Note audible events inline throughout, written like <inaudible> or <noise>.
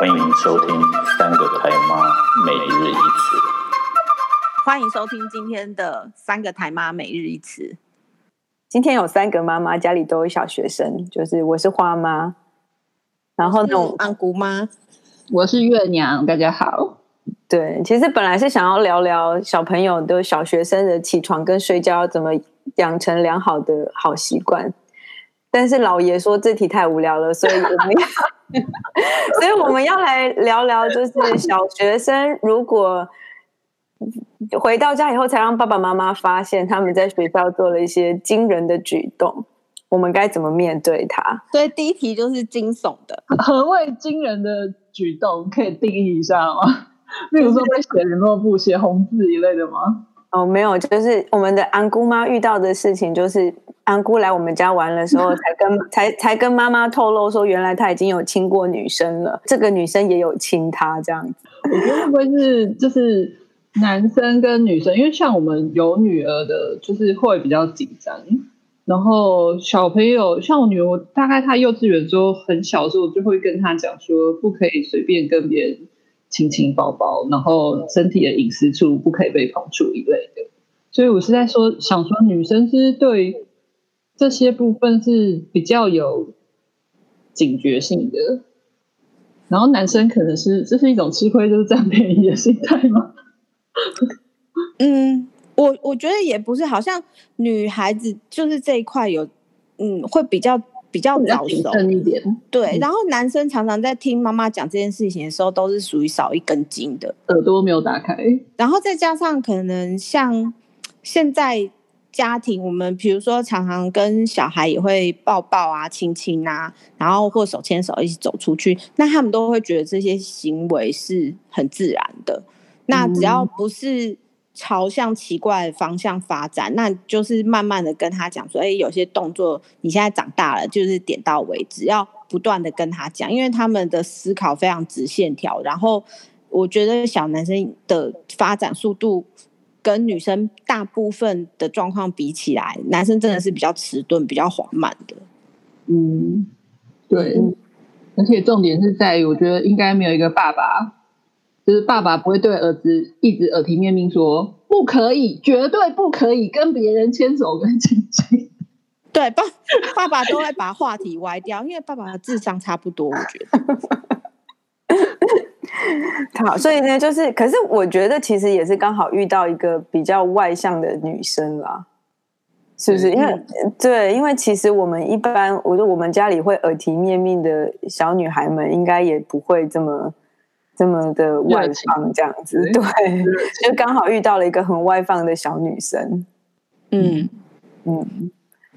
歡迎收聽《三個台媽每日一詞》。歡迎收聽今天的《三個台媽每日一詞》。今天有三個媽媽，家裡都有小學生，就是我是花媽，然後呢，我阿姑媽，我是月娘。大家好，對，其實本來是想要聊聊小朋友的、小學生的起床跟睡覺怎麼養成良好的好習慣。但是老爺說，這題太無聊了，所以我們要， <laughs> <laughs> 所以我們要來聊聊，就是小學生如果回到家以後才讓爸爸媽媽發現他們在學校做了一些驚人的舉動，我們該怎麼面對他？所以第一題就是驚悚的。何謂驚人的舉動？可以定義一下嗎？就是、例如說會寫聯絡簿寫紅字一類的嗎？哦，沒有，就是我們的安姑媽遇到的事情就是。阿姑來我們家玩的時候，才跟 <laughs> 才才跟媽媽透露說，原來她已經有親過女生了。這個女生也有親她這樣子，我覺得會不會是就是男生跟女生？ <laughs> 因為像我們有女兒的，就是會比較緊張。然後小朋友像我女兒，大概她幼稚園的時候很小的時候，就會跟她講說，不可以隨便跟別人親親抱抱，然後身體的隱私處不可以被碰觸一類的。所以我是在說，想說女生是，是對。這些部分是比較有警覺性的，然後男生可能是這是一種吃虧就是佔便宜的心態嗎？嗯，我我覺得也不是，好像女孩子就是這一塊有，嗯，會比較比較早熟一點。對，然後男生常常在聽媽媽講這件事情的時候，都是屬於少一根筋的，耳朵沒有打開。然後再加上可能像現在。家庭，我們比如說常常跟小孩也會抱抱啊、親親啊，然後或手牽手一起走出去，那他們都會覺得這些行為是很自然的。那只要不是朝向奇怪的方向發展，嗯、那就是慢慢的跟他講，所以有些動作你現在長大了，就是點到為止，要不斷的跟他講，因為他們的思考非常直線條。然後我覺得小男生的發展速度。跟女生大部分的狀況比起來，男生真的是比較遲鈍、比較緩慢的。嗯，對，嗯、而且重點是在於我覺得應該沒有一個爸爸，就是爸爸不會對兒子一直耳提面命說不可以，絕對不可以跟別人牽手跟親親。對，爸，爸爸都會把話題歪掉， <laughs> 因為爸爸的智商差不多，我覺得。 <laughs> <laughs> 好，所以呢，就是，可是我覺得其實也是剛好遇到一個比較外向的女生啦，是不是？嗯、因為對，因為其實我們一般，我覺得我們家裡會耳提面命的小女孩們，應該也不會這麼這麼的外放這樣子對。對，就剛好遇到了一個很外放的小女生。嗯嗯，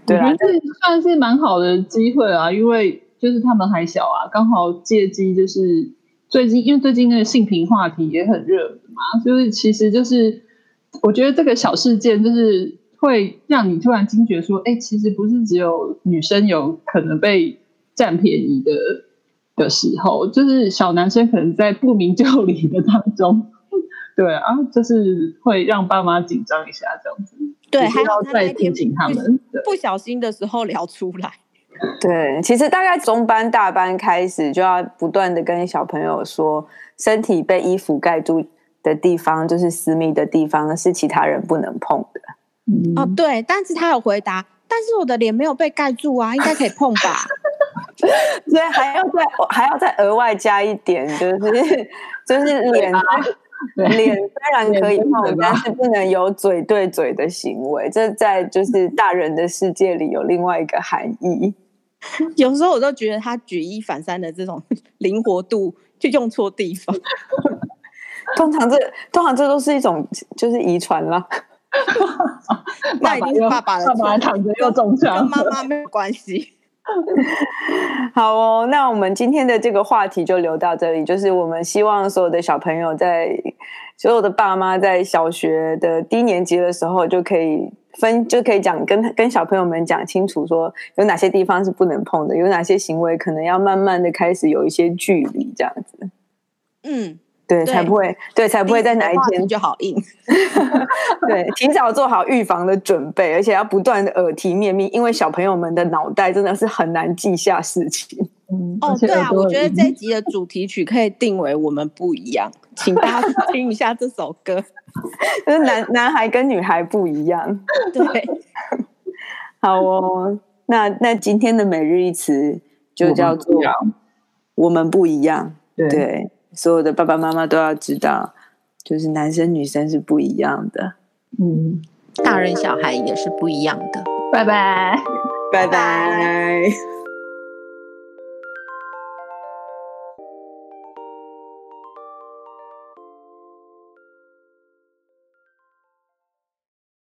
對啦，這算是蠻好的機會啊，因為就是他們還小啊，剛好借機就是。最近，因為最近那個性平話題也很熱嘛，就是其實就是，我覺得這個小事件就是會讓你突然驚覺說，哎、欸，其實不是只有女生有可能被占便宜的的時候，就是小男生可能在不明就裡的當中，對啊，就是會讓爸媽緊張一下這樣子，對，還要再提醒他們不，不小心的時候聊出來。對，其實大概中班、大班開始就要不斷地跟小朋友說，身體被衣服蓋住的地方就是私密的地方，是其他人不能碰的。嗯。哦，對，但是他有回答，但是我的臉沒有被蓋住啊，應該可以碰吧？所 <laughs> 以 <laughs> 還要再還要再額外加一點，就是 <laughs> 就是臉就臉雖然可以碰， <laughs> 但是不能有嘴對嘴的行為，這在就是大人的世界裡有另外一個含義。有時候我都覺得他舉一反三的這種靈活度就用錯地方， <laughs> 通常這通常這都是一種就是遺傳啦，啊、爸爸 <laughs> 那已經爸爸的，爸爸躺着又中槍，跟媽媽沒有關係。 <laughs> 好哦，那我們今天的這個話題就留到這裡，就是我們希望所有的小朋友在所有的爸媽在小學的低年級的時候就可以。分就可以講跟跟小朋友們講清楚說，說有哪些地方是不能碰的，有哪些行為可能要慢慢的開始有一些距離，這樣子。嗯，對，對才不會對,對，才不會在哪一天就好硬。 <laughs> 對，提早做好預防的準備，而且要不斷的耳提面命，因為小朋友們的腦袋真的是很難記下事情。嗯、哦，對啊，我覺得這一集的主題曲可以定為我們不一樣， <laughs> 請大家聽一下這首歌。 <laughs> 男男孩跟女孩不一樣，對。 <laughs> 好哦，那那今天的每日一詞就叫做我“我們不一樣”。對。對，所有的爸爸媽媽都要知道，就是男生女生是不一樣的。嗯，大人小孩也是不一樣的。拜拜，拜拜。